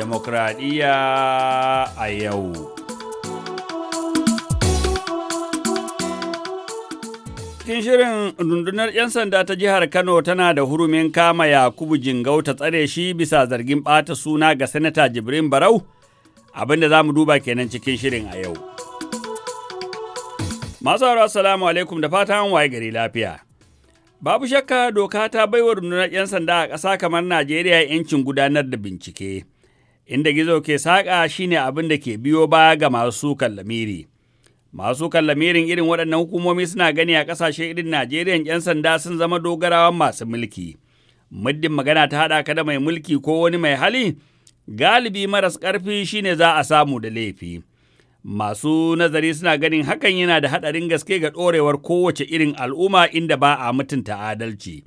demokradiyya a yau. Cikin shirin rundunar 'yan sanda ta jihar Kano tana da hurumin kama Yakubu Jingau ta tsare shi bisa zargin ɓata suna ga Sanata Jibrin Barau, abinda za mu duba kenan cikin shirin a yau. Masu haro assalamu alaikum da fatan waye gari lafiya. Babu shakka doka ta baiwa rundunar 'yan sanda a ƙasa kamar Najeriya 'yancin gudanar da bincike. inda gizo ke saƙa shi ne abin da ke biyo ba ga masu lamiri. Masu lamirin irin waɗannan hukumomi suna gani a ƙasashe irin Najeriya 'yan sanda sun zama dogarawan masu mulki. Muddin magana ta haɗa ka da mai mulki ko wani mai hali, galibi maras ƙarfi shi ne za a samu da laifi. Masu nazari suna ganin hakan yana da haɗarin gaske ga ɗorewar kowace irin al'umma inda ba a mutunta adalci.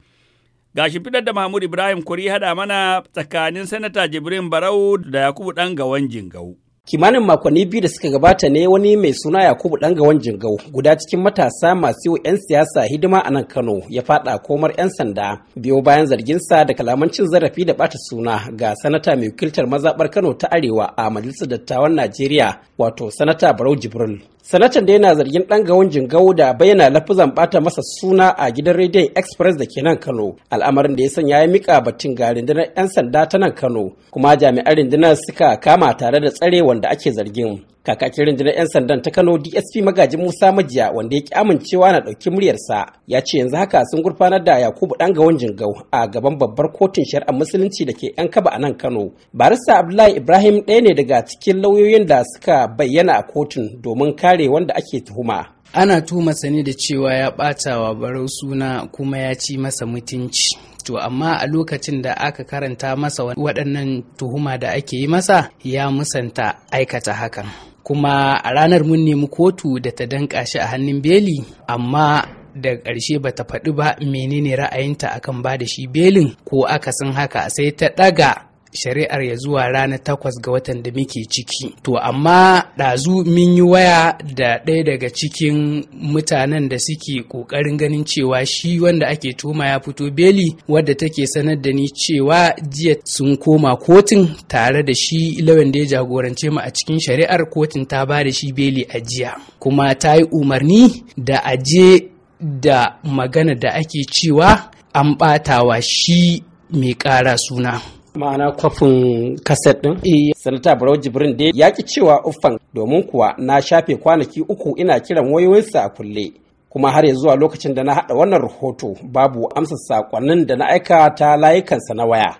Ga shi fitar da Mahmud Ibrahim Kuri hada mana tsakanin Sanata Jibrin Barau da Yakubu ɗan gawan Jingau. kimanin makonni biyu da suka gabata ne wani mai suna yakubu dangawan jingau guda cikin matasa masu yi 'yan siyasa hidima a nan kano ya fada komar 'yan sanda biyo bayan zarginsa da kalaman cin zarafi da bata suna ga sanata mai wakiltar mazaɓar kano ta arewa a majalisar dattawan najeriya wato sanata barau jibril sanatan da yana zargin dan gawan jingau da bayyana lafuzan bata masa suna a gidan rediyon express da ke nan kano al'amarin da ya sanya ya mika batun ga rindunar 'yan sanda ta nan kano kuma jami'an rundunar suka kama tare da tsarewa wanda ake zargin kakakin rundunar 'yan sandan ta kano dsp magajin musa majiya wanda ya ki amincewa na ɗauki muryarsa ya ce yanzu haka sun gurfanar da yakubu ɗan gawon jingau a gaban babbar kotun shari'ar musulunci da ke yan kaba a nan kano barista abdullahi ibrahim ɗaya ne daga cikin lauyoyin da suka bayyana a kotun domin kare wanda ake tuhuma ana tuhuma Sani da cewa ya ɓata wa barau suna kuma ya ci masa mutunci to amma a lokacin da aka karanta masa waɗannan tuhuma da ake yi masa ya musanta aikata hakan kuma a ranar mun nemi kotu da ta danƙa shi a hannun beli amma da ƙarshe ba ta faɗi ba menene ra'ayinta akan ba da shi belin ko akasin haka sai ta ɗaga shari'ar ya zuwa rana takwas ga watan da muke ciki to amma ɗazu mun yi waya da ɗaya daga cikin mutanen da suke ƙoƙarin ganin cewa shi wanda ake tuma ya fito beli wadda take sanar da ni cewa jiya sun koma kotun tare da shi lawan da ya jagorance mu a cikin shari'ar kotun ta ba da shi beli a jiya kuma ta yi umarni da aje da magana da ake cewa an ɓatawa shi mai ƙara suna ma'ana kwafin kaset din eh sanata barau jibrin dai ya ki cewa uffan domin kuwa na shafe kwanaki uku ina kiran wayoyinsa a kulle kuma har ya zuwa lokacin da na haɗa wannan rahoto babu amsa sakonnin da na aika ta layukansa na waya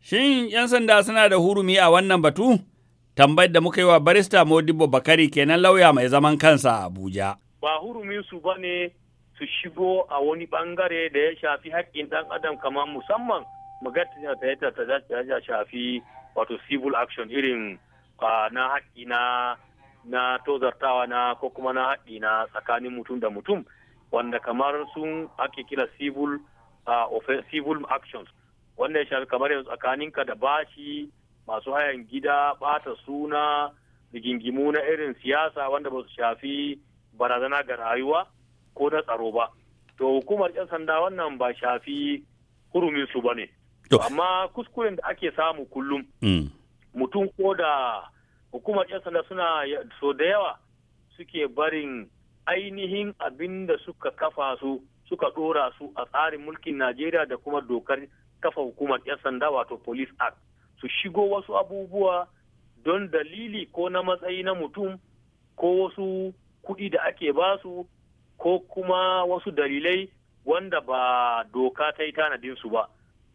shin 'yan sanda suna da hurumi a wannan batu tambayar da muka yi wa barista modibo bakari kenan lauya mai zaman kansa a abuja ba hurumin su bane su shigo a wani bangare da ya shafi haƙƙin ɗan adam kamar musamman magatta ne ta yadda ta za shafi wato civil action irin na haƙƙi na na tozartawa na ko kuma na haƙƙi na tsakanin mutum da mutum wanda kamar sun ake kira civil civil actions wanda ya shafi kamar yanzu tsakaninka da bashi masu hayan gida bata suna rigingimu na irin siyasa wanda ba su shafi barazana ga rayuwa ko na tsaro ba to hukumar 'yan sanda wannan ba shafi hurumin su ba ne amma kuskuren da ake samu kullum mm. mutum ko da hukumar 'yan sanda suna so da yawa suke barin ainihin abin da suka kafa su suka ɗora su a tsarin mulkin najeriya da kuma dokar kafa hukumar 'yan sanda wato police act su shigo wasu abubuwa don dalili ko na matsayi na mutum ko wasu kuɗi da ake basu ko kuma wasu dalilai wanda ba doka ta yi tanadinsu ba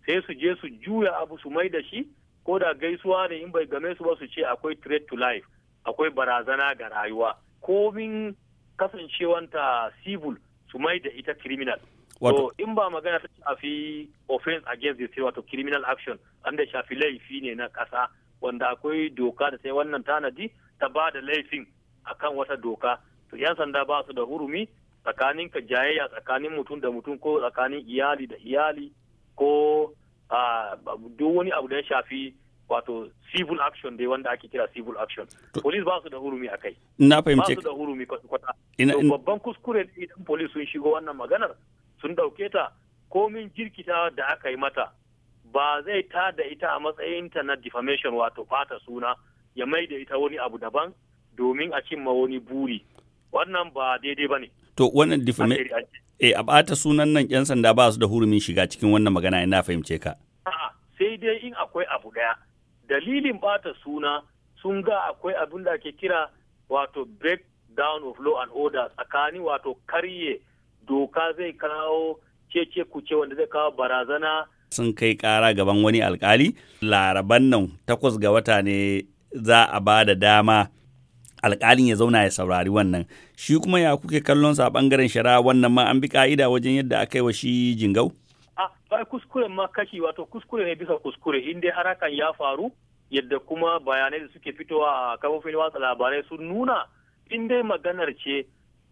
sai su je su juya abu su mai da shi ko da gaisuwa ne in bai game su ba su ce akwai threat to life akwai barazana ga rayuwa komin kasancewanta civil su mai da ita criminal wato in ba magana ta shafi offense against the state wato criminal action wanda shafi laifi ne na kasa wanda akwai doka da sai wannan tanadi ta ba da laifin akan wata doka to yan sanda ba su da hurumi tsakanin ka jayayya tsakanin mutum da mutum ko tsakanin iyali da iyali ko duk wani abu da ya shafi wato civil action dai wanda ake kira civil action police ba su da hurumi a kai na fahimce ba su da hurumi kwata babban kuskure ne idan police sun shigo wannan maganar sun dauke ta komin jirkita da aka yi mata ba zai ta da ita a matsayinta na defamation wato fata suna ya mai da ita wani abu daban domin a cimma wani buri wannan ba daidai ba ne To wannan difame eh a bata sunan nan yan sanda ba su da hurumin shiga cikin wannan magana ina fahimce ka. A'a sai dai in akwai abu daya. Dalilin bata suna sun ga akwai abin da ake kira wato break down of law and order tsakanin wato karye doka zai kawo cece kuce wanda zai kawo barazana sun kai kara gaban wani alkali laraban nan takwas ga wata ne za a ba da dama alƙalin ya zauna ya saurari wannan shi kuma ya kuke kallon sa a bangaren shari'a wannan ma an bi ka'ida wajen yadda aka yi wa shi jingau a bai kuskuren ma kashi wato kuskure ne bisa kuskure in dai harakan ya faru yadda kuma bayanai da suke fitowa a kafofin watsa labarai sun nuna in dai maganar ce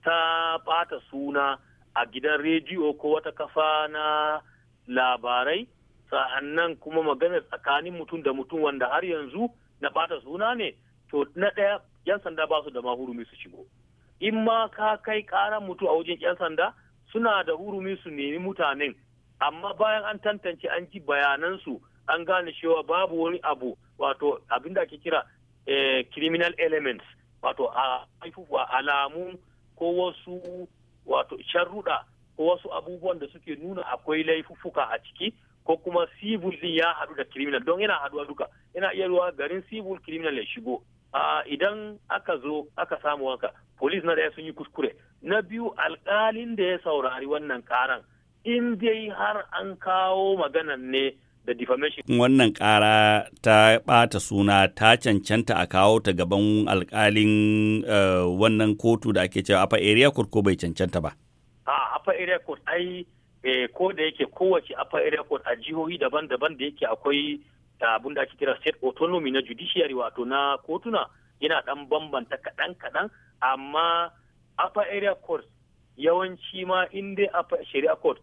ta bata suna a gidan rediyo ko wata kafa na labarai sa'annan kuma maganar tsakanin mutum da mutum wanda har yanzu na bata suna ne to na ɗaya yan sanda ba su da ma hurumi su shigo in ma ka kai karan mutu a wajen yan sanda suna da hurumi su nemi mutanen amma bayan an tantance an ji bayanansu an gane cewa babu wani abu wato abin da ake kira eh, criminal elements wato a alamu ko wasu wato sharruɗa ko wasu abubuwan da suke nuna akwai laifuffuka a ciki ko kuma civil din ya haɗu da criminal don yana haɗuwa duka yana iya ruwa garin civil criminal ya shigo idan aka zo aka samu wanka polis na daya sun yi kuskure na biyu alkalin da ya saurari wannan karan in dai har an kawo maganan ne da defamation. Wannan kara ta ɓata suna ta cancanta a kawo ta gaban alkalin eh, wannan kotu da ake cewa apa area court ko bai cancanta ba? A apa area court ai eh, ko da yake kowace apa area court a jihohi daban-daban da yake akwai abin da ake kira state autonomy na judiciary wato na kotuna yana dan bambanta kaɗan kaɗan amma upper area court yawanci ma in dai shari'a court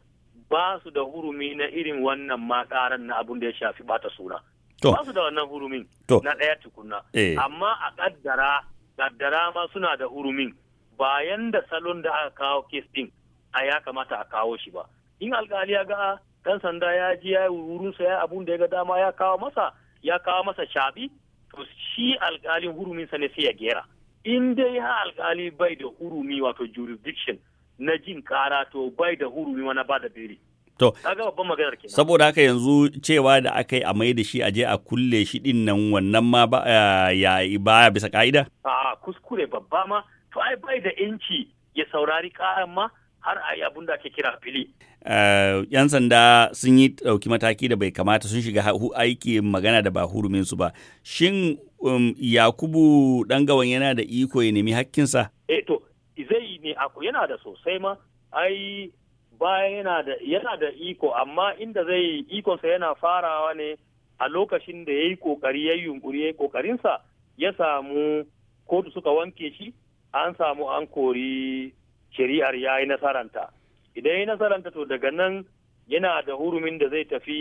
ba su da hurumi na irin wannan makaran na abin da ya shafi bata suna ba su da wannan hurumin na ɗaya tukunna eh. amma a ƙaddara kaddara ma suna da hurumin bayan da salon da aka kawo kes din a ya kamata a kawo shi ba in alkali ya ga dan sanda ya ji ya wurin sa ya abun da ya ga dama ya kawo masa ya kawo masa shabi to shi alkalin hurumin sa ne sai ya gera in dai ha alkali bai da hurumi wato jurisdiction na jin kara to bai da hurumi wani ba da beli To, saboda haka yanzu cewa da aka yi a mai da shi aje a kulle shi din nan wannan ma ba ya baya bisa ka'ida? A kuskure babba ma, to ai bai da inci ya saurari karan ma, har a yi abin da ake kira fili. Eh, yan sanda sun yi ɗauki mataki da bai kamata sun shiga aiki magana da ba hurumin su ba. Shin um, Yakubu ɗangawan yana da iko ya nemi hakkinsa? Eh to, zai ne ako yana da sosai ma, ai bayan yana da iko amma inda zai ikonsa yana farawa ne a lokacin da ya yi kokari ya yunkuri ya yi kokarinsa ya samu kotu suka wanke shi an samu an kori shari'ar ya yi nasaranta idan ya yi nasaranta to daga nan yana da hurumin da zai tafi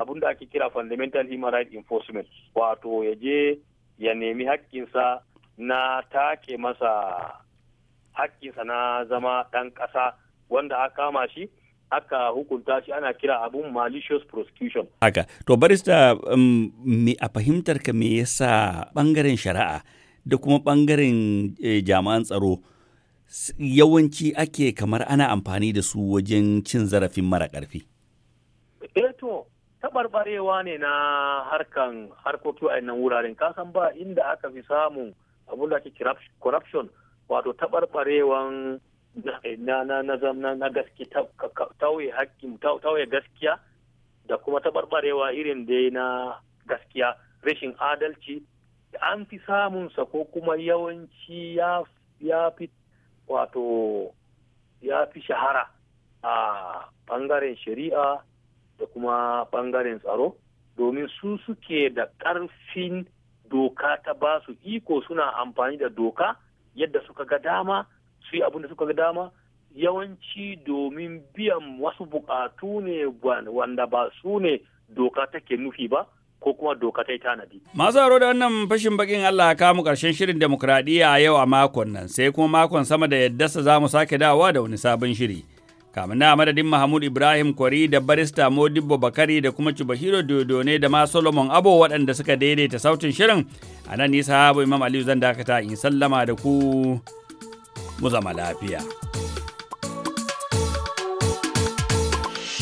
abin da ake kira fundamental human rights enforcement wato ya je ya nemi haƙƙinsa na take masa haƙƙinsa na zama ɗan ƙasa wanda aka kama shi aka hukunta shi ana kira abun malicious prosecution. Haka, to barista um, a fahimtar ka me yasa ɓangaren shari'a da kuma ɓangaren eh, jami'an tsaro yawanci ake kamar ana amfani da su wajen cin zarafin mara ƙarfi? Eto, eh taɓarɓarewa ne na harkan harkoki a nan wuraren kasan ba inda aka fi samun abin da ake corruption wato taɓarɓarewan na gaskiya da kuma taɓarɓarewa irin da na gaskiya rashin adalci an fi samunsa ko kuma yawanci ya fi wato ya fi shahara a ɓangaren shari'a da kuma ɓangaren tsaro domin su suke da ƙarfin doka ta ba su iko suna amfani da doka yadda suka ga dama su yi abin da suka ga dama yawanci domin biyan wasu buƙatu ne wanda ba su ne doka take nufi ba ko kuma doka ta yi tanadi. Masu haro da wannan fashin bakin Allah ka mu karshen shirin demokuraɗiyya a yau a makon nan sai kuma makon sama da yaddasa za mu sake dawowa da wani sabon shiri. Kamin na madadin Mahmud Ibrahim Kwari da barista Modibbo Bakari da kuma Cibahiro Dodone da ma Solomon Abo waɗanda suka daidaita sautin shirin a nan nisa Imam Aliyu zan dakata in sallama da ku mu zama lafiya.